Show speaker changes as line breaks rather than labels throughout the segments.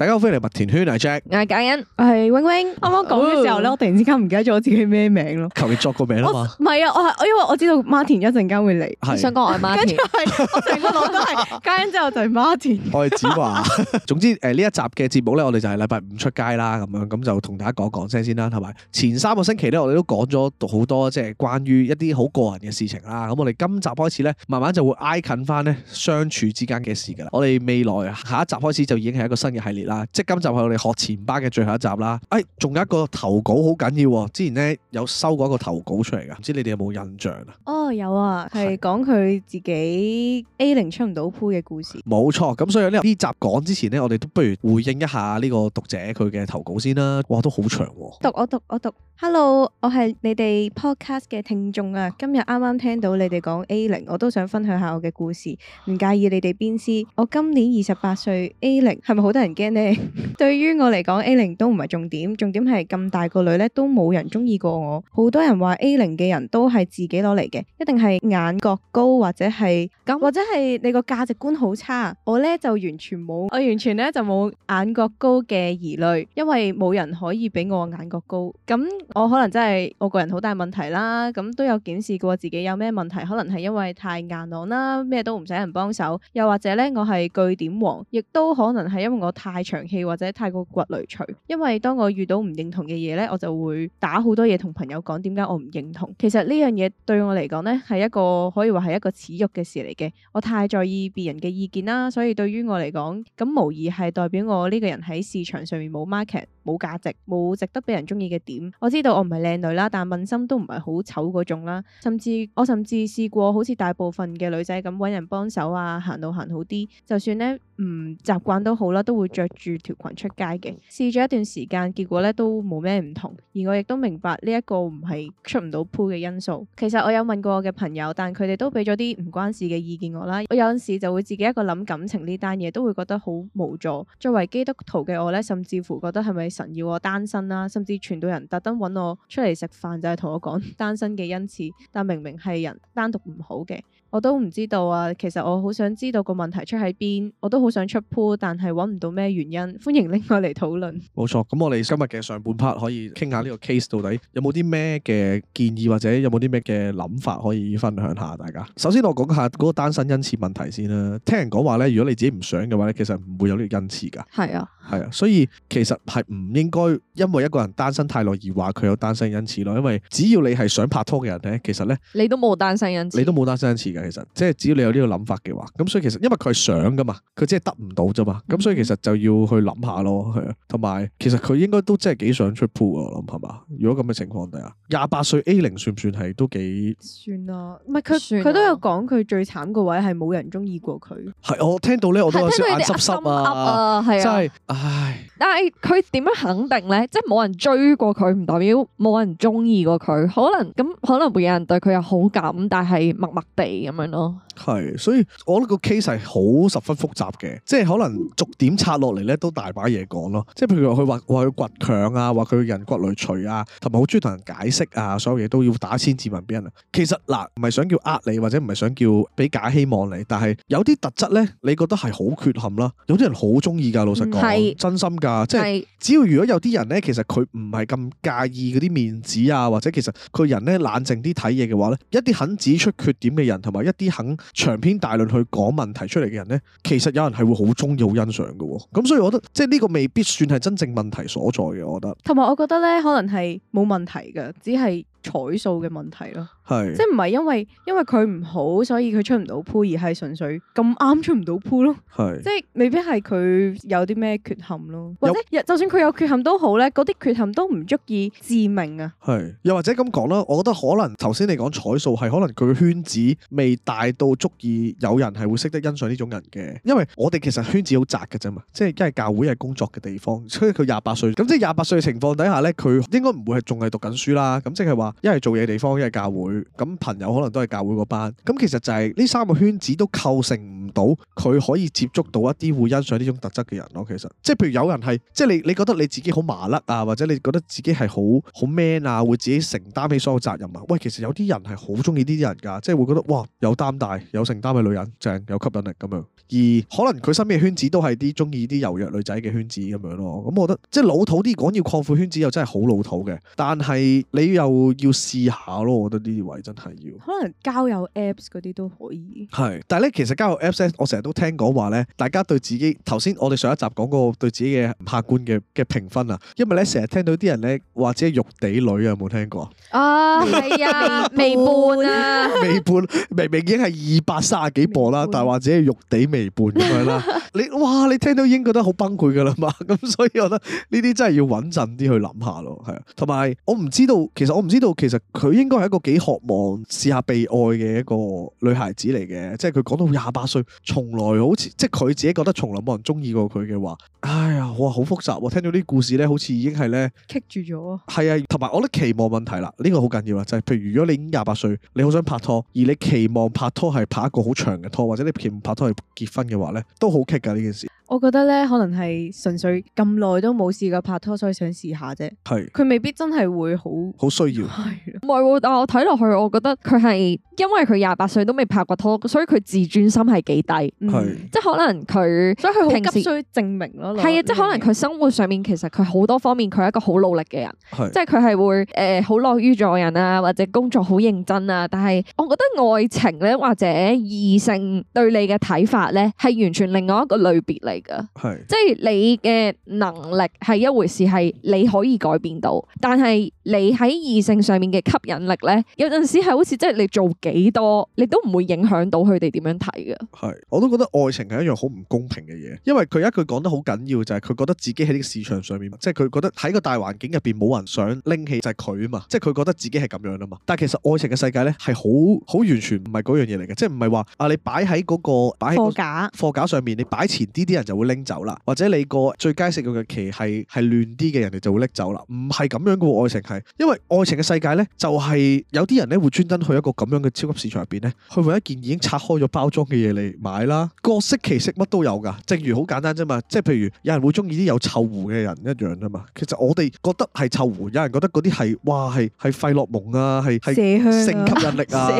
大家好，歡迎嚟麥田圈阿 Jack 阿簡
欣係永永，啱啱講嘅時候咧，哦、我突然之間唔記得咗我自己咩名咯。
求其作個名啊嘛。
唔係啊，我係因為我知道 Martin 一陣間會嚟，是想講我阿 Martin 跟住係我成個腦都係簡欣， 之後就係 Martin、
呃。我係子華。總之誒，呢一集嘅節目咧，我哋就係禮拜五出街啦，咁樣咁就同大家講講聲先啦，係咪？前三個星期咧，我哋都講咗好多，即係關於一啲好個人嘅事情啦。咁我哋今集開始咧，慢慢就會挨近翻咧相處之間嘅事噶啦。我哋未來下一集開始就已經係一個新嘅系列啦。嗱，即係今集係我哋學前班嘅最後一集啦。誒、哎，仲有一個投稿好緊要喎。之前呢，有收過一個投稿出嚟㗎，唔知你哋有冇印象啊？
哦，有啊，係講佢自己 A 零出唔到鋪嘅故事。
冇錯是，咁所以呢集講之前呢，我哋都不如回應一下呢個讀者佢嘅投稿先啦。哇，都好長喎、啊。
讀我讀我讀，Hello，我係你哋 Podcast 嘅聽眾啊。今日啱啱聽到你哋講 A 零，我都想分享下我嘅故事，唔介意你哋編絲。我今年二十八歲，A 零係咪好多人驚咧？ 對於我嚟講，A0 都唔係重點，重點係咁大個女咧都冇人中意過我。好多人話 A0 嘅人都係自己攞嚟嘅，一定係眼角高或者係咁，或者係你個價值觀好差。我咧就完全冇，我完全咧就冇眼角高嘅疑慮，因為冇人可以俾我眼角高。咁我可能真係我個人好大問題啦。咁都有檢視過自己有咩問題，可能係因為太硬朗啦，咩都唔使人幫手，又或者咧我係句點王，亦都可能係因為我太。場戲或者太過骨雷除，因為當我遇到唔認同嘅嘢咧，我就會打好多嘢同朋友講，點解我唔認同？其實呢樣嘢對我嚟講咧，係一個可以話係一個恥辱嘅事嚟嘅。我太在意別人嘅意見啦，所以對於我嚟講，咁無疑係代表我呢個人喺市場上面冇 market。冇價值，冇值得俾人中意嘅點。我知道我唔係靚女啦，但問心都唔係好醜嗰種啦，甚至我甚至試過好似大部分嘅女仔咁搵人幫手啊，行路行好啲，就算咧唔習慣都好啦，都會着住條裙出街嘅。試咗一段時間，結果咧都冇咩唔同，而我亦都明白呢一個唔係出唔到鋪嘅因素。其實我有問過我嘅朋友，但佢哋都俾咗啲唔關事嘅意見我啦。我有陣時就會自己一個諗感情呢單嘢，都會覺得好無助。作為基督徒嘅我咧，甚至乎覺得係咪？神要我單身啦，甚至傳到人特登揾我出嚟食飯，就係、是、同我講單身嘅恩賜，但明明係人單獨唔好嘅。我都唔知道啊！其實我好想知道個問題出喺邊，我都好想出 pool，但係揾唔到咩原因。歡迎拎我嚟討論。
冇錯，咁我哋今日嘅上半 part 可以傾下呢個 case 到底有冇啲咩嘅建議或者有冇啲咩嘅諗法可以分享下大家。首先我講下嗰個單身恩賜問題先啦。聽人講話呢，如果你自己唔想嘅話呢，其實唔會有呢個恩賜㗎。係啊，係啊，所以其實係唔應該因為一個人單身太耐而話佢有單身恩賜咯。因為只要你係想拍拖嘅人呢，其實呢，
你都冇單身恩賜，你
都冇單身恩賜。其實即係只要你有呢個諗法嘅話，咁所以其實因為佢係想噶嘛，佢只係得唔到啫嘛，咁所以其實就要去諗下咯，係啊，同埋其實佢應該都真係幾想出鋪啊，我諗係嘛？如果咁嘅情況底下，廿八歲 A0 算唔算係都幾
算啊？唔係佢都有講佢最慘個位係冇人中意過佢，
係我聽到咧，我都有少眼濕濕啊，係啊，真係唉！
但係佢點樣肯定咧？即係冇人追過佢，唔代表冇人中意過佢，可能咁可能會有人對佢有好感，但係默默地。咁樣咯，
係，所以我覺得個 case 係好十分複雜嘅，即係可能逐點拆落嚟咧，都大把嘢講咯。即係譬如話，佢話話佢倔強啊，話佢人骨磊除啊，同埋好中意同人解釋啊，所有嘢都要打千字文俾人。其實嗱，唔係想叫呃你，或者唔係想叫俾假希望你，但係有啲特質咧，你覺得係好缺陷啦。有啲人好中意㗎，老實講，是真心㗎，即係是只要如果有啲人咧，其實佢唔係咁介意嗰啲面子啊，或者其實佢人咧冷靜啲睇嘢嘅話咧，一啲肯指出缺點嘅人同埋。一啲肯長篇大論去講問題出嚟嘅人咧，其實有人係會好中意、好欣賞嘅哦。咁所以我覺得，即係呢個未必算係真正問題所在嘅。我覺得，
同埋我覺得咧，可能係冇問題嘅，只係。彩數嘅問題是剛剛咯，係是即係唔係因為因為佢唔好，所以佢出唔到鋪，而係純粹咁啱出唔到鋪咯，係即係未必係佢有啲咩缺陷咯，或者有就算佢有缺陷都好咧，嗰啲缺陷都唔足以致命啊，
係又或者咁講咧，我覺得可能頭先你講彩數係可能佢圈子未大到足以有人係會識得欣賞呢種人嘅，因為我哋其實圈子好窄嘅啫嘛，即係一係教會一係工作嘅地方，所以佢廿八歲，咁即係廿八歲嘅情況底下咧，佢應該唔會係仲係讀緊書啦，咁即係話。一係做嘢地方，一係教會，咁朋友可能都係教會嗰班。咁其實就係呢三個圈子都構成唔到佢可以接觸到一啲會欣賞呢種特質嘅人咯。其實即係譬如有人係，即係你你覺得你自己好麻甩啊，或者你覺得自己係好好 man 啊，會自己承擔起所有責任啊。喂，其實有啲人係好中意呢啲人噶，即係會覺得哇有擔帶有承擔嘅女人正有吸引力咁樣。而可能佢身邊嘅圈子都係啲中意啲柔弱女仔嘅圈子咁樣咯。咁我覺得即係老土啲講要擴闊圈子又真係好老土嘅，但係你又。要試下咯，我覺得呢啲位真係要。可
能交友 Apps 嗰啲都可以。
係，但係咧，其實交友 Apps 我成日都聽講話咧，大家對自己，頭先我哋上一集講過對自己嘅客觀嘅嘅評分啊，因為咧成日聽到啲人咧，或者係玉地女啊，有冇聽過啊？啊、
哦，係、哎、啊，未半啊，未
半，明明已經係二百三十幾播啦，啊、但係話自己玉地未半咁樣啦。 你哇，你聽到已經覺得好崩潰㗎啦嘛，咁 所以我覺得呢啲真係要穩陣啲去諗下咯，係啊。同埋我唔知道，其實我唔知道。其實佢應該係一個幾渴望試下被愛嘅一個女孩子嚟嘅，即係佢講到廿八歲，從來好似即係佢自己覺得從來冇人中意過佢嘅話，哎呀，哇，好複雜啊。聽到啲故事呢，好似已經係呢，
棘住咗。
係啊，同埋我覺得期望問題啦，呢個好緊要啊，就係譬如如果你已經廿八歲，你好想拍拖，而你期望拍拖係拍一個好長嘅拖，或者你期望拍拖係結婚嘅話呢，都好棘㗎呢件事。
我覺得咧，可能係純粹咁耐都冇試過拍拖，所以想
試下啫。係佢是未必真係會好
好需要。係
唔係？但我睇落去，我覺得佢係因為佢廿八歲都未拍過拖，所以佢自尊心係幾低。是即係可能佢，所以佢好急需證明咯。係啊、嗯時，即係可能佢生活上面其實佢好多方面，佢係一個好努力嘅人。的即係佢係會誒好樂於助人啊，或者工作好認真啊。但係我覺得愛情咧，或者異性對你嘅睇法咧，係完全另外一個類別嚟。係，是即係你嘅能力係一回事，係你可以改變到，但係你喺異性上面嘅吸引力咧，有陣時係好似即係你做幾多，你都唔會影響到佢哋點樣睇嘅。
係，我都覺得愛情係一樣好唔公平嘅嘢，因為佢而家佢講得好緊要，就係、是、佢覺得自己喺呢個市場上面，即係佢覺得喺個大環境入邊冇人想拎起就係佢嘛，即係佢覺得自己係咁樣啦嘛。但係其實愛情嘅世界咧係好好完全唔係嗰樣嘢嚟嘅，即係唔係話啊你擺喺嗰個擺喺貨架貨架上面，你擺前啲啲人，就會拎走啦，或者你個最佳食用嘅期係係亂啲嘅，人哋就會拎走啦。唔係咁樣嘅喎，愛情係，因為愛情嘅世界呢，就係、是、有啲人咧會專登去一個咁樣嘅超級市場入邊咧，去揾一件已經拆開咗包裝嘅嘢嚟買啦。各式其式乜都有噶，正如好簡單啫嘛。即係譬如有人會中意啲有臭狐嘅人一樣啊嘛。其實我哋覺得係臭狐，有人覺得嗰啲係哇係係費洛蒙啊，係係性吸引力啊。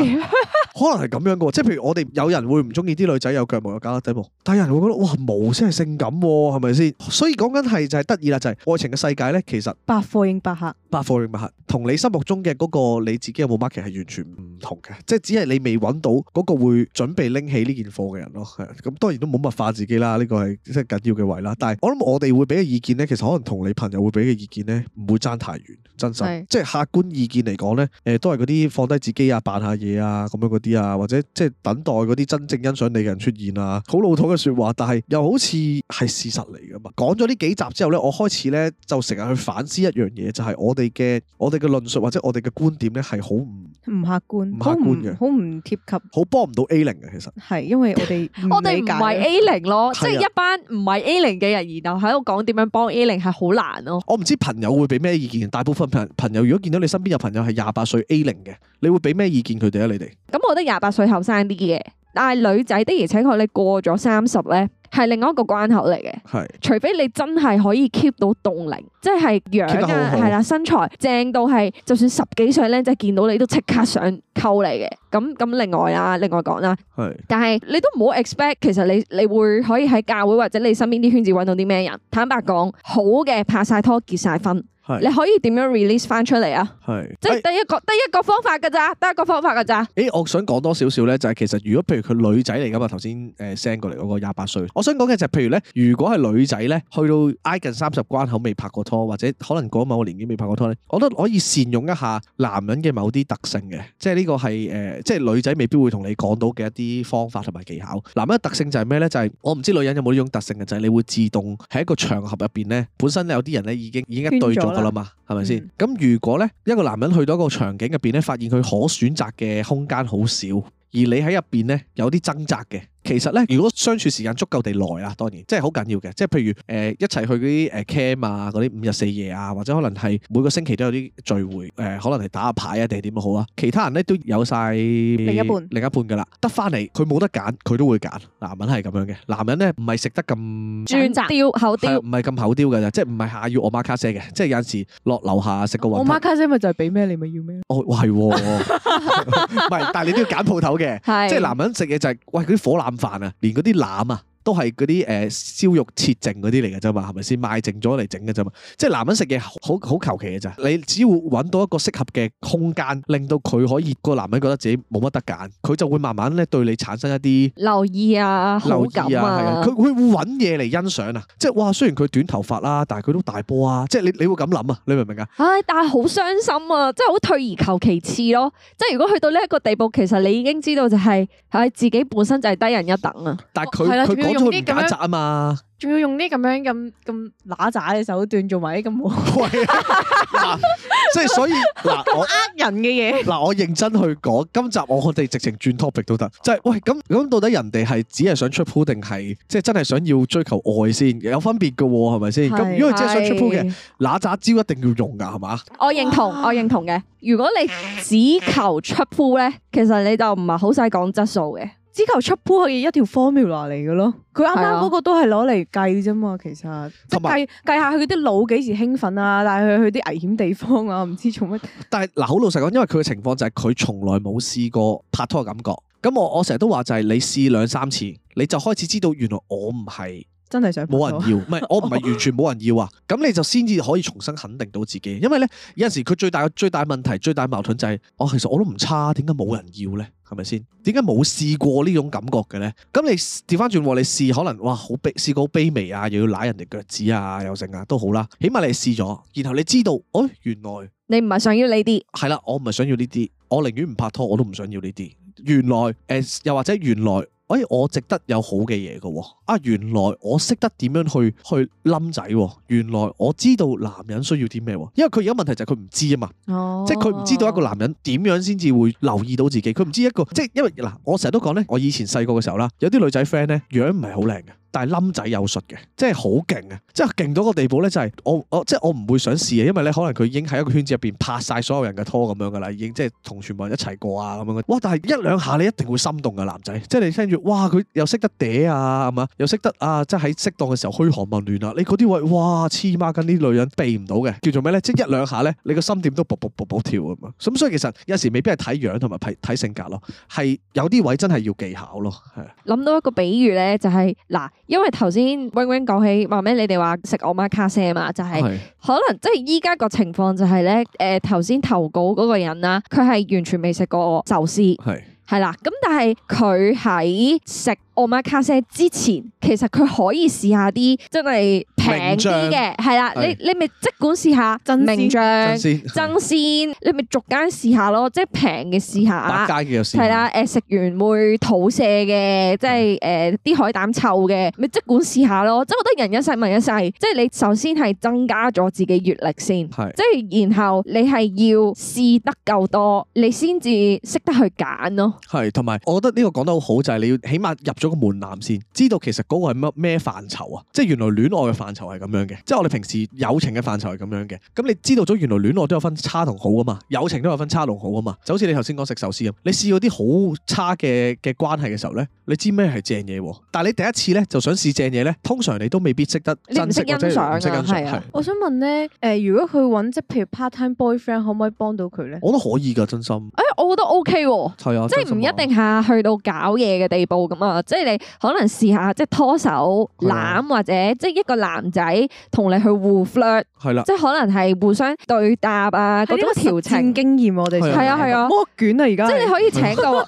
可能係咁樣噶即係譬如我哋有人會唔中意啲女仔有腳毛又夾得仔毛，但係人會覺得，哇，毛先係性感係咪先？所以講緊係就係得意啦，就係、是就是、愛情嘅世界咧，其實
百貨應百客，
百貨應百客，同你心目中嘅嗰個你自己有冇 market 係完全唔同嘅，即係只係你未揾到嗰個會準備拎起呢件貨嘅人咯。咁，當然都冇物化自己啦，呢個係即係緊要嘅位啦。但係我諗我哋會俾嘅意見咧，其實可能同你朋友會俾嘅意見咧，唔會爭太遠，真實的即係客觀意見嚟講咧，誒都係嗰啲放低自己啊，扮下嘢啊咁樣嗰啲。啊，或者即係等待嗰啲真正欣賞你嘅人出現啊，好老土嘅說話，但係又好似係事實嚟噶嘛。講咗呢幾集之後呢，我開始呢就成日去反思一樣嘢，就係我哋嘅我哋嘅論述或者我哋嘅觀點呢係好唔。唔客觀，好唔貼及，好幫唔到 A 零嘅，其實
係，因為我哋 我哋唔係 A 零咯，即係一班唔係 A 零嘅人，是啊、然後喺度講點樣幫 A 零係好難咯。
我唔知朋友會俾咩意見，大部分朋朋友如果見到你身邊有朋友係廿八歲 A 零嘅，你會俾咩意見佢哋啊？你哋
咁我覺得廿八歲後生啲嘅，但係女仔的而且確你過咗三十咧。係另外一個關口嚟嘅，是除非你真係可以 keep 到凍齡，即係樣啊，係啦，身材正到係，就算十幾歲僆仔見到你都即刻想溝你嘅。咁咁另外啦，另外講啦，是但係你都唔好 expect，其實你你會可以喺教會或者你身邊啲圈子揾到啲咩人？坦白講，好嘅拍晒拖結晒婚。你可以點樣 release 翻出嚟啊？係是，即係得一個得、欸、一個方法嘅咋，得一個方法嘅咋。
誒、欸，我想講多少少咧，就係、是、其實如果譬如佢女仔嚟噶嘛，頭先誒 send 過嚟嗰個廿八歲，我想講嘅就係譬如咧，如果係女仔咧，去到挨近三十關口未拍過拖，或者可能過某個年紀未拍過拖咧，我覺得可以善用一下男人嘅某啲特性嘅，即係呢個係誒、呃，即係女仔未必會同你講到嘅一啲方法同埋技巧。男人嘅特性就係咩咧？就係、是、我唔知女人有冇呢種特性嘅，就係、是、你會自動喺一個場合入邊咧，本身有啲人咧已經已經一對咗。啦嘛，係咪先？咁、嗯、如果咧，一個男人去到一個場景入邊咧，發現佢可選擇嘅空間好少，而你喺入邊咧有啲掙扎嘅。其實咧，如果相處時間足夠地耐啊，當然即係好緊要嘅，即係譬如誒、呃、一齊去嗰啲誒 camp 啊，嗰、呃、啲五日四夜啊，或者可能係每個星期都有啲聚會，誒、呃、可能係打下牌啊，定係點都好啊。其他人咧都有晒另一半，另一半㗎啦，得翻嚟佢冇得揀，佢都會揀。男人係咁樣嘅，男人咧唔係食得咁專
刁口刁，唔
係咁口刁㗎啫，即係唔係下要我媽卡西嘅，即係有陣時落樓下食個我媽
卡西咪就係俾咩你咪要
咩咯。係、哦，唔係， 但係你都要揀鋪頭嘅，的 即係男人食嘢就係、是、喂嗰啲火腩。咁煩啊，連嗰啲腩啊。都係嗰啲誒燒肉切淨嗰啲嚟嘅啫嘛，係咪先賣淨咗嚟整嘅啫嘛？即係男人食嘢好好求其嘅咋，你只要揾到一個適合嘅空間，令到佢可以個男人覺得自己冇乜得揀，佢就會慢慢咧對你產生一啲
留意啊、好感啊。佢會
會揾嘢嚟欣賞啊。即係哇，雖然佢短頭髮啦，但係佢都大波啊。即係你你會咁諗啊？你明唔明啊？
唉，但係好傷心啊！即係好退而求其次咯。即係如果去到呢一個地步，其實你已經知道就係係自己本身就係低人一等
啊。但係佢係啦。啲咁啊嘛，
仲要用啲咁樣咁咁乸渣嘅手段做埋啲咁，即
係所以嗱、啊，我呃
人嘅嘢。嗱
啊，我認真去講，今集我哋直情轉 topic 都得，即係喂咁咁到底人哋係只係想出鋪定係，即係真係想要追求愛先，有分別噶係咪先？咁如果只係想出鋪嘅，乸渣招一定要用噶係嘛？
我認同，哇 我認同嘅。如果你只求出鋪咧，其實你就唔係好使講質素嘅。只求出波係一條 formula 嚟嘅咯，佢
啱啱嗰個都係攞嚟計啫嘛，其實即係計計計下佢啲腦幾時興奮啊，帶佢去啲危險地方啊，唔知做乜。
但係嗱，好老實講，因為佢嘅情況就係佢從來冇試過拍拖嘅感覺。咁我我成日都話就係你試兩三次，你就開始知道原來我唔係。
真係想冇人要，唔係我唔係
完全冇人要啊！咁 你就先至可以重新肯定到自己，因為呢，有陣時佢最大最大問題、最大矛盾就係、是、我、哦、其實我都唔差，點解冇人要呢？係咪先？點解冇試過呢種感覺嘅呢？」咁你調翻轉，你試可能哇好卑，試過卑微啊，又要踩人哋腳趾啊，又剩啊，都好啦，起碼你試咗，然後你知道，哦，原來
你唔係想要呢啲，
係啦，我唔係想要呢啲，我寧願唔拍拖，我都唔想要呢啲。原來誒、呃，又或者原來。哎，我值得有好嘅嘢㗎，啊，原來我識得點樣去去冧仔、哦，原來我知道男人需要啲咩、哦，因為佢而家問題就係佢唔知啊嘛，哦、即係佢唔知道一個男人點樣先至會留意到自己，佢唔知一個，即係因為嗱，我成日都講呢，我以前細個嘅時候啦，有啲女仔 friend 呢樣唔係好靚嘅。但係冧仔有術嘅，即係好勁啊、就是！即係勁到個地步咧，就係我我即係我唔會想試啊，因為咧可能佢已經喺一個圈子入邊拍晒所有人嘅拖咁樣噶啦，已經即係同全部人一齊過啊咁樣。哇！但係一兩下你一定會心動嘅男仔，即係你聽住哇，佢又識得嗲啊，係嘛？又識得啊，即係喺適當嘅時候噓寒問暖啊。你嗰啲位哇，黐孖筋啲女人避唔到嘅，叫做咩咧？即係一兩下咧，你個心點都卜卜卜卜跳咁啊！咁所以其實有時未必係睇樣同埋睇性格咯，係有啲位真係要技巧咯，係。
諗到一個比喻咧、就是，就係嗱。因為頭先 Wingwing 講起話咩，你哋話食我媽卡士嘛，就係、是、是可能即係依家個情況就係、是、咧，誒頭先投稿嗰個人啦，佢係完全未食過我壽司，係係是啦，咁但係佢喺食。我買卡西之前，其實佢可以試下啲真係平啲嘅，係啦，你你咪即管試下真名將、真鮮，你咪逐間試下咯，即係平嘅試下，係啦，誒食完會肚瀉嘅，即係誒啲海膽臭嘅，咪即管試下咯，即係我覺得人一世物一世，即係你首先係增加咗自己閱歷
先，即係
然後你係要試得夠多，你先至識得去
揀咯。係，同埋我覺得呢個講得好好就係你要起碼入咗。個門檻先知道，其實嗰個係乜咩範疇啊？即係原來戀愛嘅範疇係咁樣嘅，即係我哋平時友情嘅範疇係咁樣嘅。咁你知道咗原來戀愛都有分差同好啊嘛，友情都有分差同好啊嘛。就好似你頭先講食壽司咁，你試過啲好差嘅嘅關係嘅時候呢，你知咩係正嘢，啊？但係你第一次呢，就想試正嘢呢，通常你都未必識得，你唔識欣賞啊？的係啊。我
想問呢，誒、呃，如果
佢揾即譬如 part time boyfriend，可唔可以幫到佢呢？我覺得可以噶，真心。誒、欸，我覺得
OK 喎，即係唔一
定下去到搞嘢嘅地步咁啊。即係你可能試下即係拖手攬，或者即係一個男仔同你去互 flirt，係啦，即係可能係互相對答啊，嗰種調情經驗我哋係啊係啊，摸卷啊而家，即係你可以請個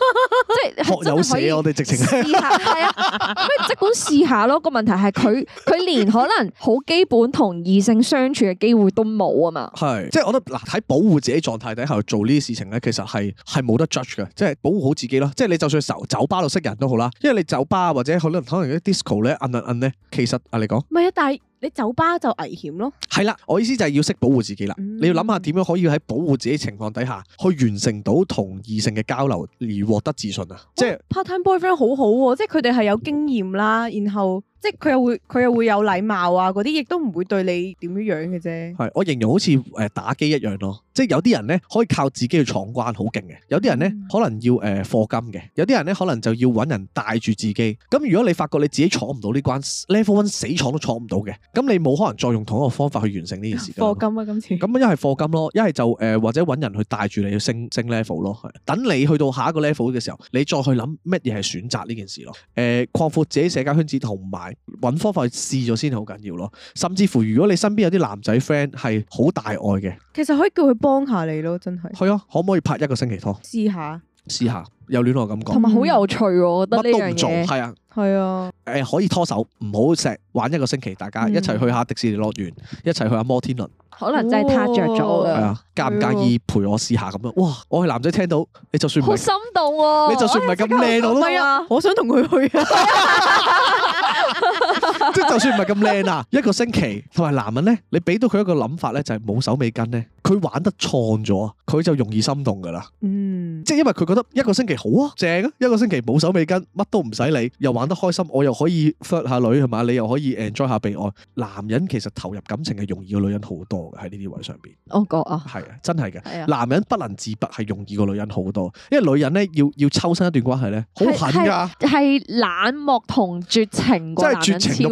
即係學有嘢，我哋直情試下，係啊，咁啊，即管試下咯。個問題係佢佢連可能好基本同異性相處嘅機會都冇
啊嘛，係，即係我覺得嗱，喺保護自己狀態底下做呢啲事情咧，其實係係冇得 judge 嘅，即係保護好自己咯。即係你就算酒吧度識人都好啦，因為你。酒吧或者可能可能啲 disco 咧，嗯，摁摁摁咧，其實啊，你講
唔係啊，但係你酒吧就危險咯。
係啦，我意思就係要識保護自己啦。嗯，你要諗下點樣可以喺保護自己情況底下，去完成到同異性嘅交流而獲得自信哇即啊。
即係 part time boyfriend 好好，即係佢哋係有經驗啦，然後。即係佢又會佢又會有禮貌啊！嗰啲亦都唔會對你點樣樣嘅啫。
係我形容好似誒打機一樣咯。即係有啲人咧可以靠自己去闖關好勁嘅，有啲人咧可能要誒貨金嘅課金，有啲人咧可能就要揾人帶住自己。咁如果你發覺你自己闖唔到呢關 level one 死闖都闖唔到嘅，咁你冇可能再用同一個方法去完成呢件事。課金啊，今次。咁一係課金咯，一係就誒、呃、或者揾人去帶住你去升升 level 咯。等你去到下一個 level 嘅時候，你再去諗乜嘢係選擇呢件事咯。誒擴闊自己社交圈子同埋。揾方法去試咗先好緊要囉，甚至乎如果你身邊有啲男仔 friend 係好大愛嘅，
其實可以叫佢幫下你囉。真係？係
啊，可唔可以拍一個星期拖？試下。試下有戀愛感覺，同埋好
有趣，我覺得乜都唔做，係
啊，係啊，誒、啊，可以拖手，唔好成日玩一個星期，大家一齊去下迪士尼樂園，一齊去下摩天輪，
可能真係撻着咗啦，係、哦、啊，
介唔介意陪我試下咁樣？哇，我係男仔，聽到你就算唔係，好心
動，你就算唔係咁靚，我都，係
啊，我想同佢去啊。 即 就算唔係咁靚啊，一個星期同埋男人呢，你俾到佢一個諗法呢，就係冇手尾跟呢，佢玩得錯咗，佢就容易心動噶啦。嗯，即係因為佢覺得一個星期好啊，正啊，一個星期冇手尾跟，乜都唔使理，又玩得開心，我又可以 flirt 下女係嘛，你又可以 enjoy 下被愛。男人其實投入感情係容易過女人好多嘅，喺呢啲位上邊。我覺啊，係啊，真係嘅。的男人不能自拔係容易過女人好多，因為女人呢，要要抽身一段關係呢，好狠㗎，
係冷漠同絕情過。真係絕情。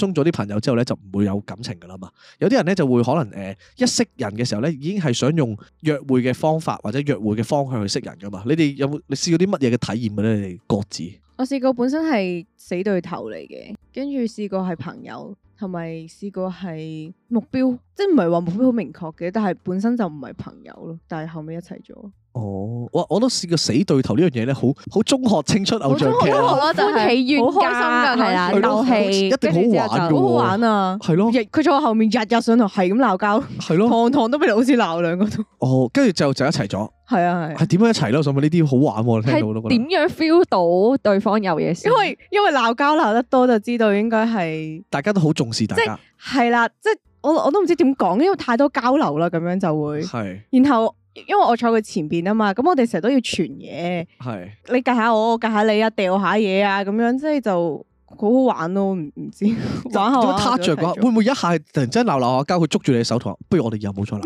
中咗啲朋友之後咧，就唔會有感情噶啦嘛。有啲人咧就會可能誒，一識人嘅時候咧，已經係想用約會嘅方法或者約會嘅方向去識人噶嘛。你哋有冇你試過啲乜嘢嘅體驗嘅咧？你哋各自，
我試過本身係死對頭嚟嘅，跟住試過係朋友，同埋試過係目標，即係唔係話目標好明確嘅，但係本身就唔係朋友咯，但係後尾一齊咗。
哦，哇！我都試過死對頭呢樣嘢咧，好好中學青春偶像劇，
歡喜冤家係啦，鬥氣，一定
好玩嘅，好玩啊！係咯，佢坐我後面日日上堂係咁鬧交，
係咯，堂堂都俾老師鬧兩個都。哦，跟住就就一齊咗，係啊係，係點樣一齊咧？所以呢啲好玩，聽到都覺得點
樣 feel 到對方有嘢先？因為因為鬧交鬧得多，就知道應該係
大家都好重視大家，
係啦，即係我我都唔知點講，因為太多交流啦，咁樣就會，係然後。因為我坐佢前邊啊嘛，咁我哋成日都要傳嘢，
是
你夾下我，我夾下你下啊，掉下嘢啊，咁樣即係就好好玩咯，唔唔知
玩下玩下，會唔會一下突然之間鬧鬧我，交，佢捉住你手台，不如我哋又冇再鬧。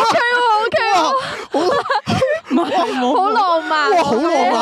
OK，OK。 好浪漫，哇！ 好浪漫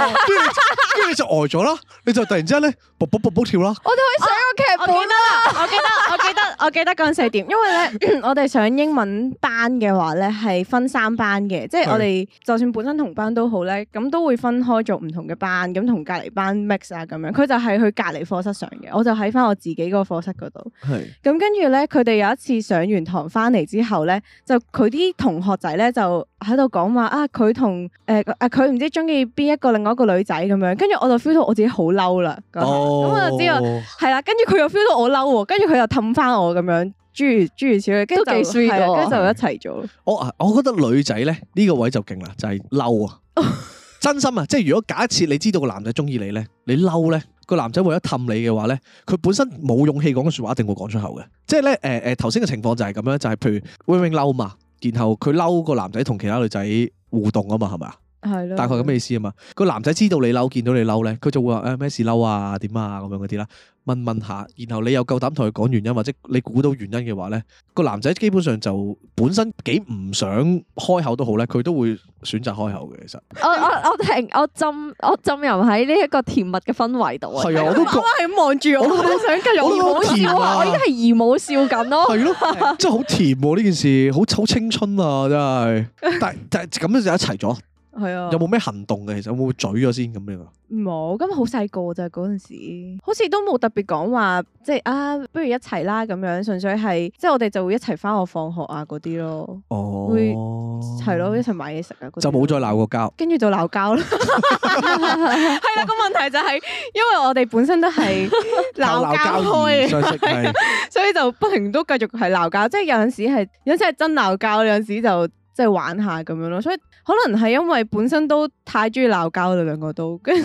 啊，跟住 就呆咗啦， 你就突然之間咧，噗噗噗跳啦！
我哋上個劇本，我我記得，我記得，我記得嗰陣時點，因為咧，我哋上英文班嘅話咧係分三班嘅，即係我哋就算本身同班都好咧，咁都會分開做唔同嘅班，咁同隔籬班 mix 啊咁樣，佢就係去隔籬課室上嘅，我就喺翻我自己個課室嗰度是。係，咁跟住咧，佢哋有一次上完堂翻嚟之後咧，就佢啲同學仔咧就。喺度講話啊，佢同誒誒佢唔知中意邊一個另外一個女仔咁樣，跟住我就 feel 到我自己好嬲啦，咁我就知道係啦，跟住佢又 feel 到我嬲，跟住佢又氹返我咁樣，諸如此類，跟住就跟住就一齊咗。
我啊，我覺得女仔咧呢、這個位就勁啦，就係嬲啊，哦、 真心啊，即係如果假設你知道個男仔中意你咧，你嬲咧，個男仔為咗氹你嘅話咧，佢本身冇勇氣講嗰說話一定會講出口嘅，即係咧誒誒頭先嘅情況就係咁樣，就係譬如 Wing Wing 嬲嘛。然後佢嬲個男仔同其他女仔互動啊嘛，係咪啊？
係咯，大概咁
嘅意思啊嘛。個男仔知道你嬲，見到你嬲咧，佢就會話誒咩事嬲啊，點啊咁樣嗰啲啦，問問下。然後你又夠膽同佢講原因，或者你估到原因嘅話咧，個男仔基本上就本身幾唔想開口都好咧，佢都會選擇開口嘅。其實
我我我停，我浸我浸入喺呢一個甜蜜嘅氛圍度啊。係啊，我都係咁望住我，我都想繼續好甜啊！我依家係姨母笑緊咯。係咯， 真係好
甜呢件事，好好青春啊！真係， 但係但係咁樣就一齊咗。係對啊，有冇咩行動嘅？其實有冇嘴咗先咁樣？
冇，咁好細個就嗰陣時,時，好似都冇特別講話，即係啊，不如一齊啦咁樣，純粹係即係我哋就會一齊返學放學啊嗰啲咯。哦，會係咯、啊，一齊買嘢食啊，啲。就冇
再鬧過交，
跟住就鬧交咯。係啦，個問題就係、是，因為我哋本身都係鬧交開嘅， 所以就不停都繼續係鬧交，即係 有陣時係有陣時係真鬧交，有陣時就即係玩下咁樣咯，所以。所以所以可能係因為本身都太中意鬧交，佢哋兩個都跟，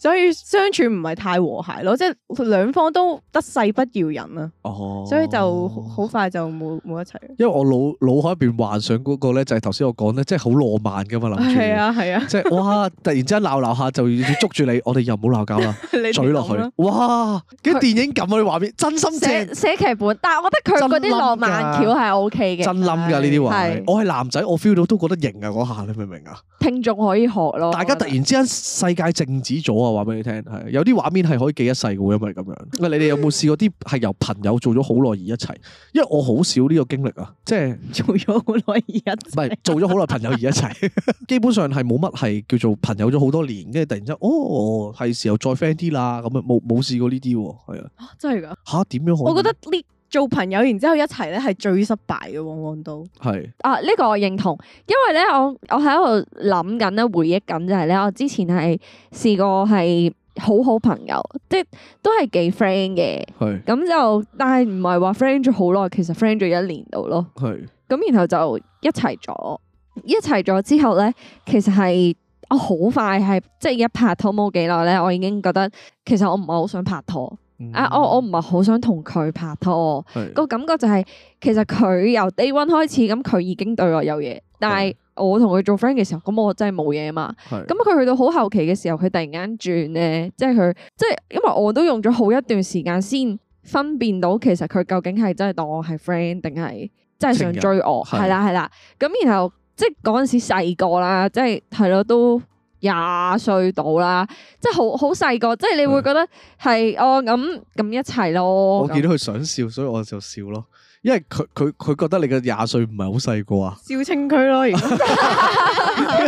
所以相處唔係太和諧咯。即係兩方都得勢不饒人啊。哦，所以就好快就冇冇一齊。
因為我腦腦海入邊幻想嗰個咧，就係頭先我講咧，即係好浪漫噶嘛諗住。係啊係啊。即係哇！突然之間鬧鬧下就要捉住你，我哋又唔好鬧交啦，嘴落去。哇！啲電影咁嘅畫面，真心正
寫劇本。但係我覺得佢嗰啲浪漫橋係 O K 嘅。真冧噶呢啲話，
我係男仔，我 feel 到都覺得型啊嗰下。你明唔明啊？
聽眾可以
學咯。大家突然之間世界靜止咗啊！話俾你聽，係有啲畫面係可以記一世嘅，因為咁樣。喂，你哋有冇試過啲係由朋友做咗好耐而一齊？因為我好少呢個經歷啊，即係 做咗好耐而一齊，唔係做咗好耐朋友而一齊。基本上係冇乜係叫做朋友咗好多年，跟住突然之間哦，係時候再 friend 啲啦。咁啊，冇冇試過呢啲？係啊，真係㗎吓？點樣？我我覺
得呢。做朋友，然之後一齊咧係最失敗嘅，往往都
係。是
啊，呢個我認同，因為咧我我喺度諗緊咧，回憶緊就係咧，我之前係試過係好好朋友，即係都係幾 friend 嘅。係是。咁就但係唔係話 friend 咗好耐，其實 friend 咗一年度咯。係是。咁然後就一齊咗，一齊咗之後咧，其實係我好快係即係一拍拖冇幾耐咧，我已經覺得其實我唔係好想拍拖。啊！我我唔係好想同佢拍拖，是個感覺就係、是、其實佢由 day one 開始，咁佢已經對我有嘢，但係我同佢做 friend 嘅時候，咁我真係冇嘢嘛。咁佢是去到好後期嘅時候，佢突然間轉咧，即係佢即係因為我都用咗好一段時間先分辨到其實佢究竟係真係當我係 friend 定係真係想追我，係啦係啦。咁然後即係嗰陣時細個啦，即係係咯都。廿歲到啦，即係好好細個，即係你會覺得係對 哦，咁咁一齊咯。我見到
佢想笑，所以我就笑咯，因為佢佢佢覺得你嘅廿歲唔係好細個啊。
笑稱佢咯， 因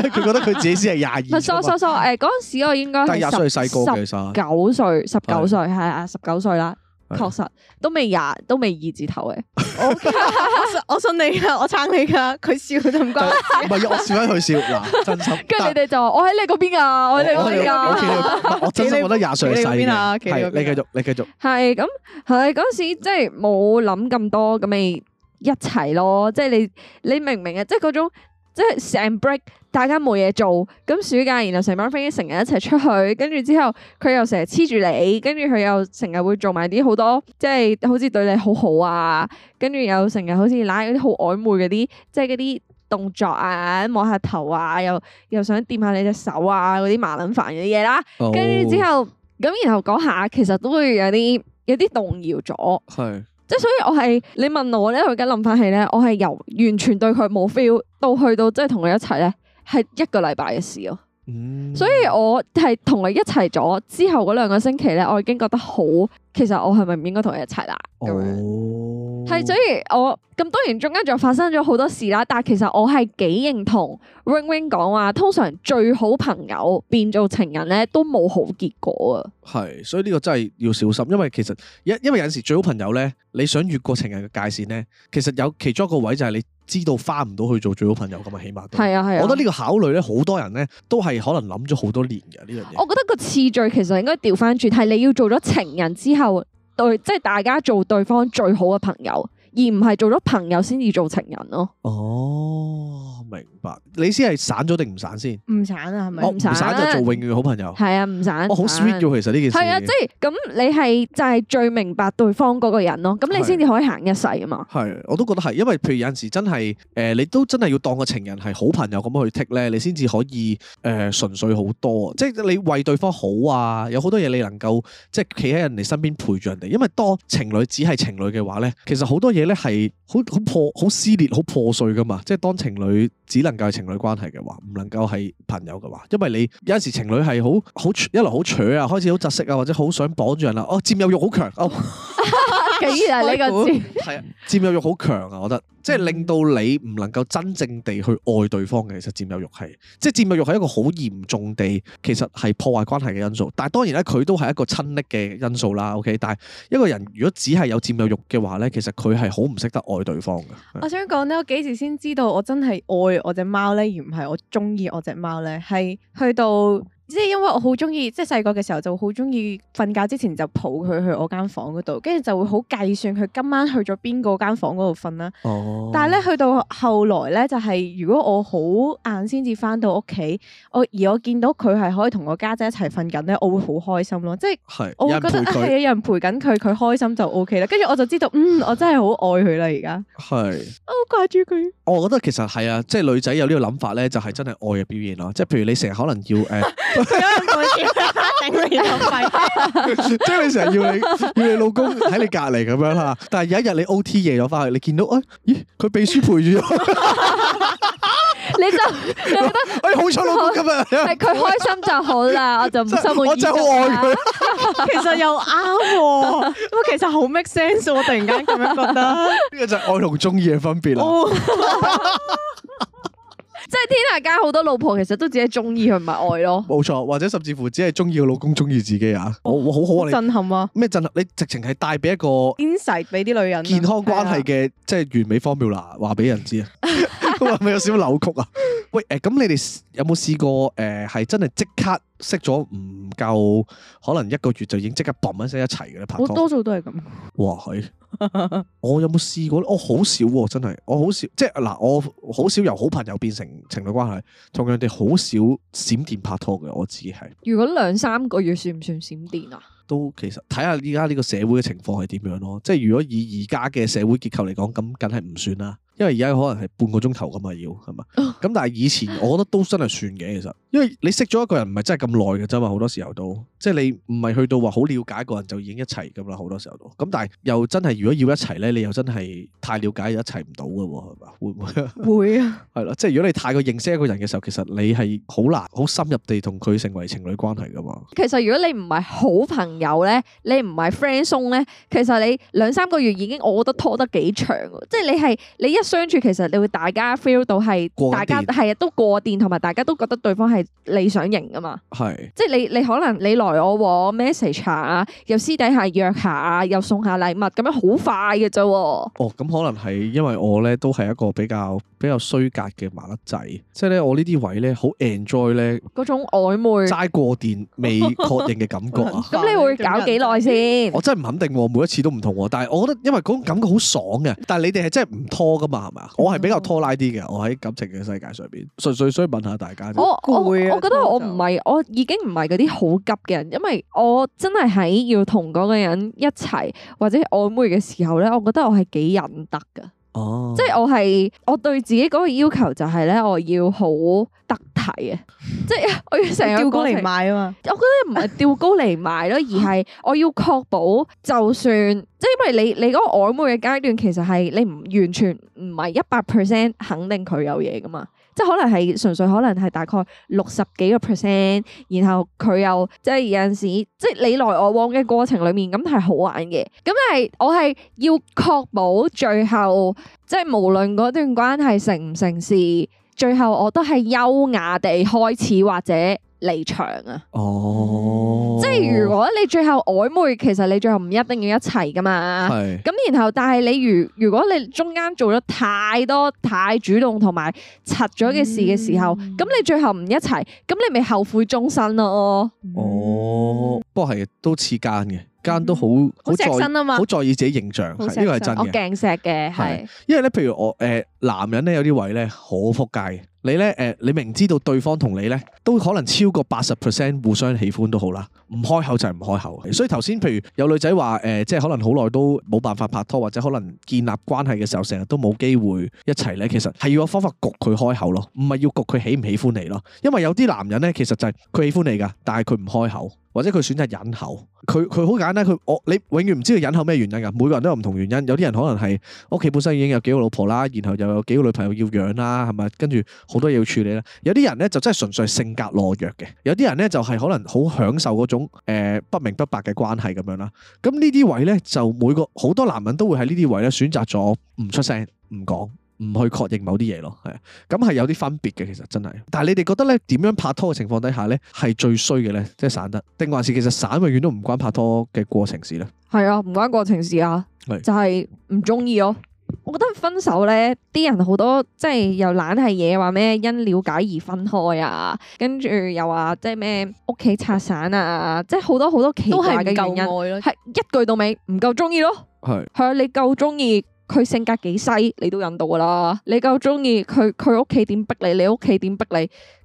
為佢覺得佢自己先係廿二。唔錯唔錯誒，
嗰時我應該係廿歲細個嘅，十九歲對 十九歲，係啊，十九歲啦。確實都未廿，都未二字頭嘅。
我信你噶，我撐你噶。佢笑都唔關係，唔係我笑
係佢笑嗱，真心。跟
住你哋就我喺你嗰邊噶，我喺你嗰邊、啊。
我真心覺得廿歲係細嘅。係你繼、啊啊、續，你繼續。
係咁， 係嗰時即係冇諗咁多，咁咪一齊咯。即係你，你明唔明啊？即係嗰種。即係成 break，大家冇嘢做，咁暑假然後成班 friend 成日一齊出去，跟住之後佢又成日黐住你，跟住佢又成日會做埋啲好多，即係好似對你好好啊，跟住又成日好似拉嗰啲好曖昧嗰啲，即係嗰啲動作啊，摸下頭啊，又又想掂下你隻手啊，嗰啲麻撚煩啲嘢啦，跟住、oh。之後咁，然後講下其實都會有啲有啲動搖咗。係。即所以我，我係你問我咧，我嘅諗法係咧，我係由完全對佢冇 feel，到去到即係同佢一齊咧，係一個禮拜嘅事咯。嗯、所以我係同你一齊咗之後嗰兩個星期咧，我已經覺得好，其實我係咪唔應該同你一齊啦？咁係、哦，所以我咁當然中間仲發生咗好多事啦。但係其實我係幾認同 Wing Wing 講話，通常最好朋友變做情人咧，都冇好結果啊。
係，所以呢個真係要小心，因為其實因因為有陣時最好朋友咧，你想越過情人嘅界線咧，其實有其中一個位就係你。知道翻唔到去做最好朋友咁啊，起碼都係啊係啊！啊我覺得呢個考慮咧，好多人咧都係可能諗咗好多年嘅呢樣嘢。這個、
我覺得個次序其實應該調翻轉，係你要做咗情人之後對，即係大家做對方最好嘅朋友，而唔係做咗朋友先至
做情人咯。哦。明白，你先係散咗定唔散先？
唔散啊，係咪唔散就做永
遠嘅好朋友？係啊，
唔散。我好 sweet 喎，其實呢件事。係啊，即係咁，你係就係最明白對方嗰個人咯。咁你先至可以行一世啊嘛。
係是嗎，我都覺得係，因為譬如有陣時真係誒、呃，你都真係要當個情人係好朋友咁去剔咧，你先至可以誒呃、純粹好多，即係你為對方好啊，有好多嘢你能夠即係企喺人哋身邊陪住人哋。因為當情侶只係情侶嘅話咧，其實好多嘢咧係好好破、好撕裂、好破碎噶嘛。即係當情侶。只能夠係情侶關係嘅話，唔能夠係朋友嘅話，因為你有陣時情侶係好好一來好扯啊，開始好窒息啊，或者好想綁住人啦，哦，佔有欲好強哦。 然啊？呢 個字係佔有欲好強啊！我覺得，即係令到你唔能夠真正地去愛對方嘅，其實佔有欲係，即係佔有欲係一個好嚴重地，其實係破壞關係嘅因素。但係當然咧，佢都係一個親昵嘅因素啦。OK，但係一個人如果只係有佔有欲嘅話咧，其實佢係好唔識得愛對方嘅。我
想講咧，我幾時先知道我真係愛我隻貓咧，而唔係我中意我隻貓咧？係去到。即係因為我好中意，即係細個嘅時候就好中意瞓覺之前就抱佢去我間房嗰度，跟住就會好計算佢今晚去咗邊個間房嗰度瞓啦。哦！但係咧去到後來咧，就係、是、如果我好晏先至翻到屋企，我而我見到佢係可以同我家姐、姐一齊瞓緊咧，我會好開心咯。即係是我會覺得係有人陪緊佢，佢、啊啊、開心就 O K 啦。跟住我就知道，嗯，我真係好愛佢啦。而家係我
好掛住佢。我，我覺得其實係啊，即係女仔有呢個諗法咧，就係真係愛嘅表現咯。即係譬如你成日可能要誒。呃 我真係冇錢，頂你個肺！即係成日要你，要你老公喺你隔籬咁樣吓。但係有一日你 O T 夜咗翻去，你見到啊，咦，佢秘書陪住咗，
你就覺得哎，好彩老公今日啊！係佢開心就好啦，我就唔心。我真係好愛佢，其實又啱喎。咁其實好 make sense，我突然間咁
樣
覺得。呢個就係愛同中意嘅分別啦。
即係天下間好多老婆，其實都只係中意佢，
唔係愛咯。冇錯， 或者甚至乎只係中意個老公，中意自己啊！我我、哦哦、好好啊，你震撼啊！咩震撼？你直情係帶俾一個
insight 俾啲女人健康關係
嘅、啊、 對即係完美 formula，話俾人知啊！係咪有少少扭曲啊？ 喂，誒、呃，咁你哋有冇試過？誒、呃，係真係即刻識咗唔夠，可能一個月就已經即刻砰一聲一齊嘅咧拍拖。我多數都係咁。哇， 我有冇試過？我、哦、好少、哦，真係，我好少，即係嗱、呃，我好少由好朋友變成情侶關係，同樣哋好少閃電拍拖嘅，我自己係。
如果兩三個月算唔算閃電啊？
都其實睇下依家呢個社會嘅情況係點樣咯。即係如果以而家嘅社會結構嚟講，咁梗係唔算啦。因為而家可能係半個鐘頭咁啊，要係嘛，咁、哦、但係以前我覺得都真係算嘅其實，因為你識咗一個人唔係真係咁耐嘅啫嘛，好多時候都，即係你唔係去到話好了解一個人就已經一齊㗎啦，好多時候都，咁但係又真係如果要一齊咧，你又真係太了解一齊唔到嘅係嘛，會唔會？會啊，係咯，即係如果你太過認識一個人嘅時候，其實你係好難好深入地同佢成為情侶關係嘅嘛。
其實如果你唔係好朋友咧，你唔係 friend 鬆咧，其實你兩三個月已經我覺得拖得幾長嘅，即係你係你一。相處其實你會大家 feel 到係大家係啊都過電，同埋大家都覺得對方係理想型噶嘛。係，即係你你可能你來我往，message 下，又私底下約下，又送下禮物，咁樣好快嘅啫。哦，
咁可能係因為我咧都係一個比較比較衰格嘅麻甩仔，即係咧我呢啲位咧好 enjoy 咧嗰種曖昧，齋過電未確認嘅感覺啊。
咁你會搞幾耐先？我
真係唔肯定喎，每一次都唔同喎。但係我覺得因為嗰種感覺好爽嘅，但係你哋係真係唔拖噶。係咪啊？我係比較拖拉啲嘅，我喺感情嘅世界上邊，純粹需要問下大家。我
我我覺得我唔係，我已經唔係嗰啲好急嘅人，因為我真係喺要同嗰個人一齊或者曖昧嘅時候咧，我覺得我係幾忍得㗎。哦，即係我係我對自己嗰個要求就係咧，我要好得體啊！ 即係我要成日吊高嚟賣啊嘛！ 我覺得唔係吊高嚟賣咯， 而係我要確保，就算 即係因為你你嗰個曖昧嘅階段，其實係你唔完全唔係一百 percent 肯定佢有嘢噶嘛。即係可能係純粹可能係大概六十幾個 percent，然後佢又即係有陣時即係你來我往嘅過程裏面，咁係好玩嘅。咁但係我係要確保最後，即係無論嗰段關係成唔成事，最後我都係優雅地開始或者。離場啊！哦，即係如果你最後曖昧，其實你最後唔一定要一齊噶嘛。係咁，然後但係你如如果你中間做咗太多太主動同埋柒咗嘅事嘅時候，咁你最後唔一齊，咁你咪後悔終身咯。哦，
不過係都似奸嘅，奸都好好錫身啊嘛，好在意自己形象，呢個係真嘅。勁
錫嘅係，
因為咧，譬如我誒，男人咧有啲位咧好撲街。你咧，誒，你明知道對方同你咧，都可能超過八十 percent 互相喜歡都好啦，唔開口就係唔開口。所以頭先，譬如有女仔話，誒、呃，即係可能好耐都冇辦法拍拖，或者可能建立關係嘅時候，成日都冇機會一齊咧，其實係要有方法焗佢開口咯，唔係要焗佢喜唔喜歡你咯，因為有啲男人咧，其實就係佢喜歡你㗎，但係佢唔開口。或者佢選擇忍後，佢佢好簡單，佢我你永遠唔知佢忍後咩原因㗎，每個人都有唔同原因，有啲人可能係屋企本身已經有幾個老婆啦，然後又有幾個女朋友要養啦，係咪？跟住好多嘢要處理啦。有啲人咧就真係純粹性格懦弱嘅，有啲人咧就係可能好享受嗰種、呃、不明不白嘅關係咁樣啦。咁呢啲位咧就每個好多男人都會喺呢啲位咧選擇咗唔出聲唔講。唔去確認某啲嘢咯，係啊，咁係有啲分別嘅，其實真係。但係你哋覺得咧，點樣拍拖嘅情況底下咧，係最衰嘅咧，即係散得，定還是其實散永遠都唔關拍拖嘅過程事咧？
係啊，唔關過程事啊，是就係唔中意咯。我覺得分手咧，啲人好多即係又懶係嘢話咩，因了解而分開啊，跟住又話即係咩屋企拆散啊，即係好多好多奇怪嘅原因，係一句到尾唔夠中意咯。係係啊，你夠中意。佢性格幾犀，你都忍到㗎喇。你夠中意佢，佢屋企點逼你，你屋企點逼你，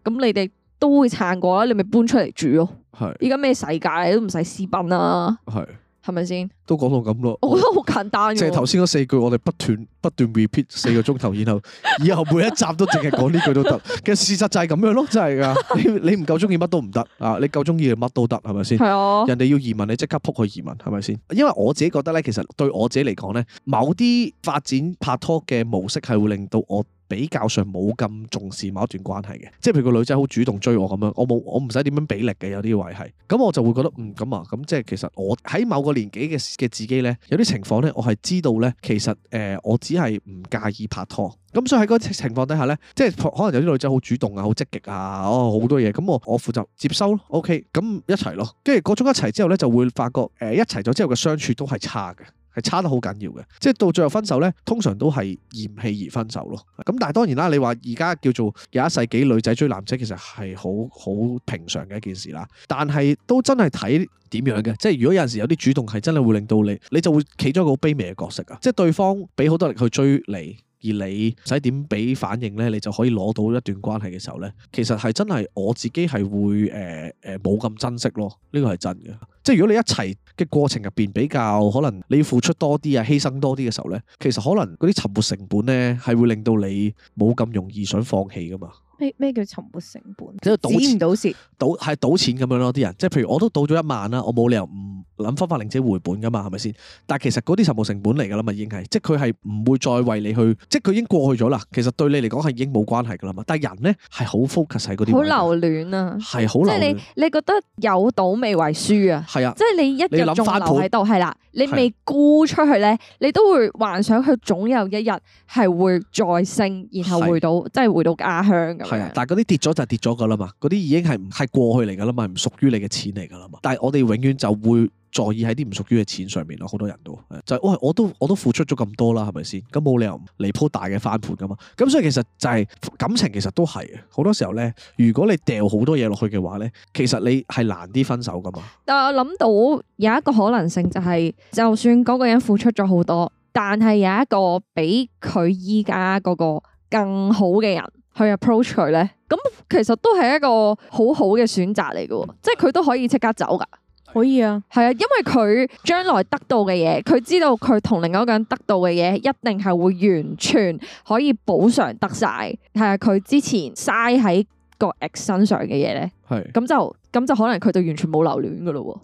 咁你哋都會撐過啦。你咪搬出嚟住咯。係是。依家咩世界你都唔使私奔啦。係。係咪先？
都講到咁咯，我覺得
好簡單。即係頭
先嗰四句，我哋不斷不斷 repeat 四個鐘頭，然後以後每一集都淨係講呢句都得。 其實事實就係咁樣咯，真係噶。你你唔夠中意乜都唔得啊，你夠中意乜都得，係咪先？係啊。人哋要移民，你，即刻撲去移民，係咪先？因為我自己覺得咧，其實對我自己嚟講咧，某啲發展拍拖嘅模式係會令到我。比較上冇咁重視某一段關係嘅，即係譬如個女仔好主動追我咁樣我，我冇我唔使點樣俾力嘅，有啲位係，咁我就會覺得嗯咁啊，咁即係其實我喺某個年紀嘅嘅自己呢，有啲情況呢、呃，我係知道呢，其實誒我只係唔介意拍拖，咁所以喺嗰情況底下呢，即係可能有啲女仔好主動啊，好積極啊，哦好多嘢，咁我我負責接收咯，OK，咁一齊咯，跟住嗰種一齊之後呢，就會發覺誒、呃、一齊咗之後嘅相處都係差嘅。差得好緊要嘅，即係到最後分手呢，通常都係嫌棄而分手咯。咁但係當然啦，你話而家叫做廿一世紀女仔追男仔，其實係好好平常嘅一件事啦。但係都真係睇點樣嘅，即係如果有陣時有啲主動係真係會令到你，你就會企咗一個好卑微嘅角色啊，即係對方俾好多力去追你。而你使點俾反應呢？你就可以攞到一段關係嘅時候呢，其實係真係我自己係會誒誒冇咁珍惜咯，呢個係真嘅。即係如果你一齊嘅過程入邊比較可能你付出多啲啊，犧牲多啲嘅時候呢，其實可能嗰啲沉沒成本呢係會令到你冇咁容易想放棄噶嘛。
咩叫沉沒成本？賭錢唔賭錢？賭
係賭錢咁樣咯，啲人即係譬如我都賭咗一萬啦，我冇理由唔。諗方法令自己回本噶嘛，係咪先？但係其實嗰啲財務成本嚟噶啦嘛，已經係，即係佢係唔會再為你去，即係佢已經過去咗啦。其實對你嚟講係已經冇關係噶啦嘛。但係人咧係好 focus 喺嗰啲，好
留戀啊，係好留戀。即係你你覺得有賭未為輸啊？係啊，即係你一日仲留喺度，係啦，你未沽出去咧，你都會幻想佢總有一日係會再升，然後回到、啊、即係回到家鄉咁係啊，
但係嗰啲跌咗就跌咗噶啦嘛，嗰啲已經係唔係過去嚟噶啦嘛，唔屬於你嘅錢嚟噶啦嘛。但係我哋永遠就會。意在意喺啲唔屬於嘅錢上面咯。好多人都就係、是，我都我都付出咗咁多啦，係咪先？咁冇理由唔嚟鋪大嘅翻盤噶嘛？咁所以其實就係、是、感情，其實都係好多時候咧，如果你掉好多嘢落去嘅話咧，其實你係難啲分手噶嘛。
但係我諗到有一個可能性就係、是，就算嗰個人付出咗好多，但係有一個比佢依家嗰個更好嘅人去 approach 佢咧，咁其實都係一個好好嘅選擇嚟嘅，即係佢都可以即刻走噶。可以啊，係啊，因為佢將來得到嘅嘢，佢知道佢同另外一個人得到嘅嘢，一定係會完全可以補償得晒，係啊，佢之前嘥喺個 X 身上嘅嘢咧，係是的，咁就咁就可能佢就完全冇留戀噶咯。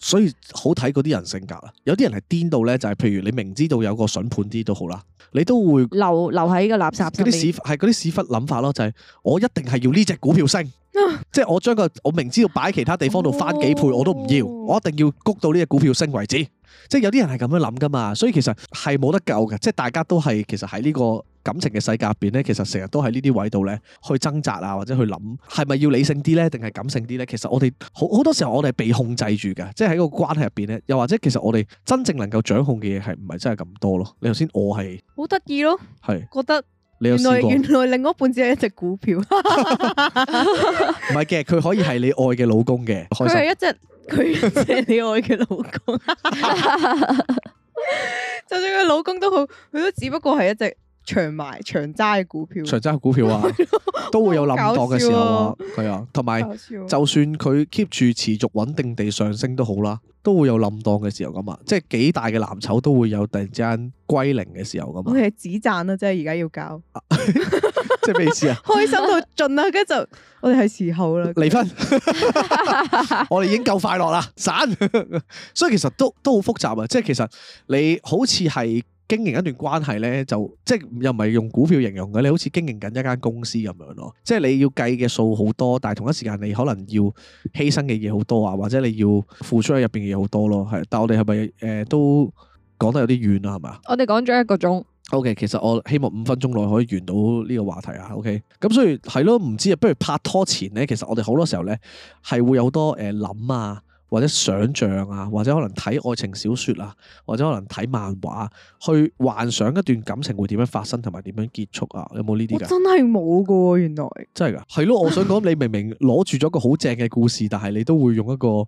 所以好睇嗰啲人性格啦，有啲人係癲到咧，就係、是、譬如你明知道有個筍盤啲都好啦，你都會留留喺個垃圾。嗰啲屎係啲屎忽諗法咯，就係、是、我一定係要呢隻股票升， 即係我將個我明知道擺其他地方度翻幾倍、哦、我都唔要，我一定要谷到呢隻股票升為止。即係有啲人係咁樣諗㗎嘛，所以其實係冇得救嘅。即係大家都係其實喺呢個感情嘅世界入邊咧，其實成日都喺呢啲位度咧去掙扎啊，或者去諗係咪要理性啲咧，定係感性啲咧？其實我哋好好多時候我哋係被控制住嘅，即係喺個關係入邊咧，又或者其實我哋真正能夠掌控嘅嘢係唔係真係咁多咯？你頭先我係好得意咯，係是覺得。原來原
來另外一半只係一隻股票，
唔係嘅，佢可以係你愛嘅老公嘅，佢係一
隻佢係你愛嘅老公， 就算佢老公都好，佢都只不過係一隻長埋長揸嘅股票，長
揸股票啊， 都會有冧檔嘅時候啊，係啊，同埋有就算佢 keep 住持續穩定地上升都好啦。都會有冧檔嘅時候噶嘛，即係幾大嘅藍籌都會有突然之間歸零嘅時候噶嘛。我哋
係止賺啦，即係而家要搞，
即係咩意思啊？
開心到盡啦，跟住就我哋係時候啦，離
婚，我哋已經夠快樂啦，散。 所以其實都都好複雜啊，即係其實你好似係。經營一段關係咧，就即係又唔係用股票形容嘅，你好似經營緊一間公司咁樣咯，即係你要計嘅數好多，但係同一時間你可能要犧牲嘅嘢好多啊，或者你要付出喺入邊嘅嘢好多咯，係。但係我哋係咪誒都講得有啲遠啊？係嘛？
我哋講咗一個鐘。
OK，其實我希望五分鐘內可以完到呢個話題啊。O K，咁所以係咯，唔知啊，不如拍拖前咧，其實我哋好多時候咧係會有多誒諗、呃、啊。或者想像啊，或者可能睇愛情小説啊，或者可能睇漫畫、啊，去幻想一段感情會點樣發生同埋點樣結束啊？有冇呢啲㗎？真
係冇㗎喎，原來真
係㗎，係咯。我想講 你明明攞住咗個好正嘅故事，但係你都會用一個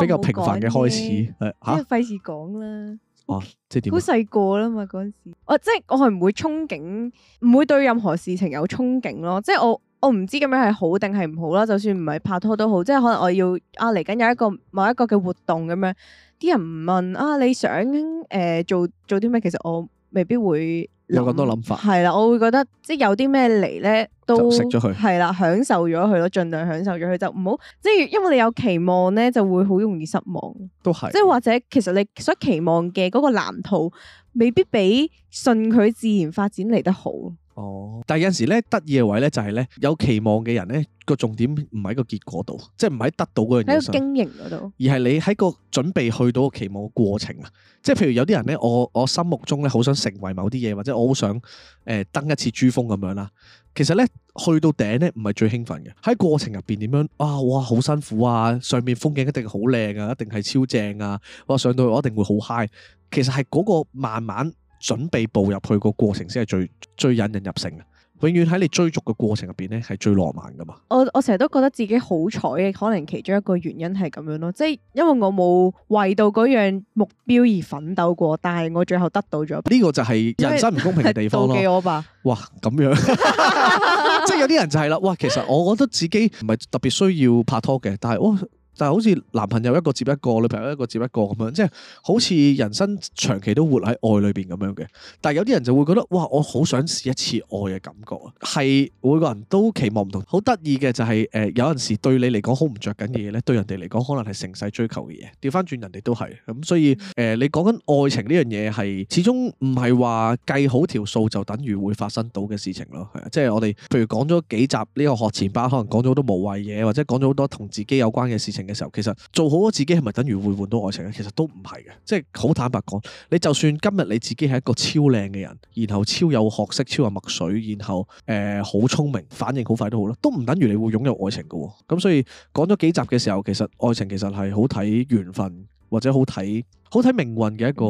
比較平凡嘅開始，係
費事講啦，
哦，即係點？好細
個啦嘛，嗰陣時，即係我係唔會憧憬，唔會對任何事情有憧憬咯，即係我。我唔知咁樣係好定係唔好啦，就算唔係拍拖都好，即係可能我要啊嚟緊有一個某一個嘅活動咁樣，啲人唔問啊你想誒、呃、做做啲咩，其實我未必會
有咁多諗法。係
啦，我會覺得即係有啲咩嚟咧，都食咗佢係啦，享受咗佢咯，盡量享受咗佢就唔好，即係因為你有期望咧，就會好容易失望。都係是，即係或者其實你所期望嘅嗰個藍圖，未必比順佢自然發展嚟得好。
哦，但係有陣時咧，得意嘅位咧就係咧，有期望嘅人咧個重點唔喺個結果度，即係唔喺得到嗰樣嘢喺度經
營嗰度，而
係你喺個準備去到期望嘅過程啊，即係譬如有啲人咧，我我心目中咧好想成為某啲嘢，或者我好想誒登一次珠峰咁樣啦，其實咧去到頂咧唔係最興奮嘅，喺過程入邊點樣啊，哇好辛苦啊，上面風景一定好靚啊，一定係超正啊，我上到去我一定會好 high，其實係嗰個慢慢。準備步入去個過程先係最最引人入勝嘅，永遠喺你追逐嘅過程入邊咧係最浪漫噶嘛。
我我成日都覺得自己好彩嘅，可能其中一個原因係咁樣咯，即係因為我冇為到嗰樣目標而奮鬥過，但係我最後得到咗。
呢個就係人生唔公平嘅地方咯。什麼 妒忌我吧？哇，咁樣 即係有啲人就係啦。哇，其實我覺得自己唔係特別需要拍拖嘅，但係我。就係好似男朋友一個接一個，女朋友一個接一個，咁樣即係好似人生長期都活喺愛裏邊，咁樣嘅。但係有啲人就會覺得，哇！我好想試一次愛嘅感覺啊，係每個人都期望唔同。好得意嘅就係，是，誒，呃，有陣時對你嚟講好唔着緊嘅嘢咧，對人哋嚟講可能係成世追求嘅嘢。調翻轉人哋都係咁，所以誒，呃，你講緊愛情呢樣嘢係始終唔係話計好條數就等於會發生到嘅事情咯，係啊，即係我哋譬如講咗幾集呢個學前班，可能講咗好多無謂嘢，或者講咗好多同自己有關嘅事情。嘅時候，其實做好咗自己係咪等於會換到愛情呢？其實都唔係嘅，即係好坦白講，你就算今日你自己係一個超靚嘅人，然後超有學識、超有墨水，然後誒好聰明、反應好快都好啦，都唔等於你會擁有愛情嘅。咁所以講咗幾集嘅時候，其實愛情其實係好睇緣分或者好睇。好睇命運嘅一個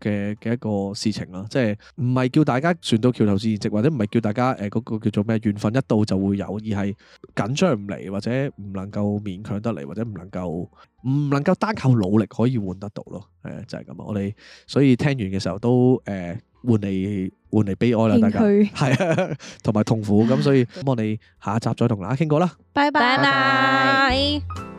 嘅嘅一個事情啦，即係唔係叫大家船到橋頭自然直，或者唔係叫大家誒嗰個叫做咩緣分一到就會有，而係緊張唔嚟或者唔能夠勉強得嚟，或者唔能夠唔能夠單靠努力可以換得到咯。誒就係咁啊！我哋所以聽完嘅時候都誒換嚟換嚟悲哀啦，大家係啊，同埋痛苦咁，所以咁我哋下一集再同大家傾過啦。
拜拜拜拜。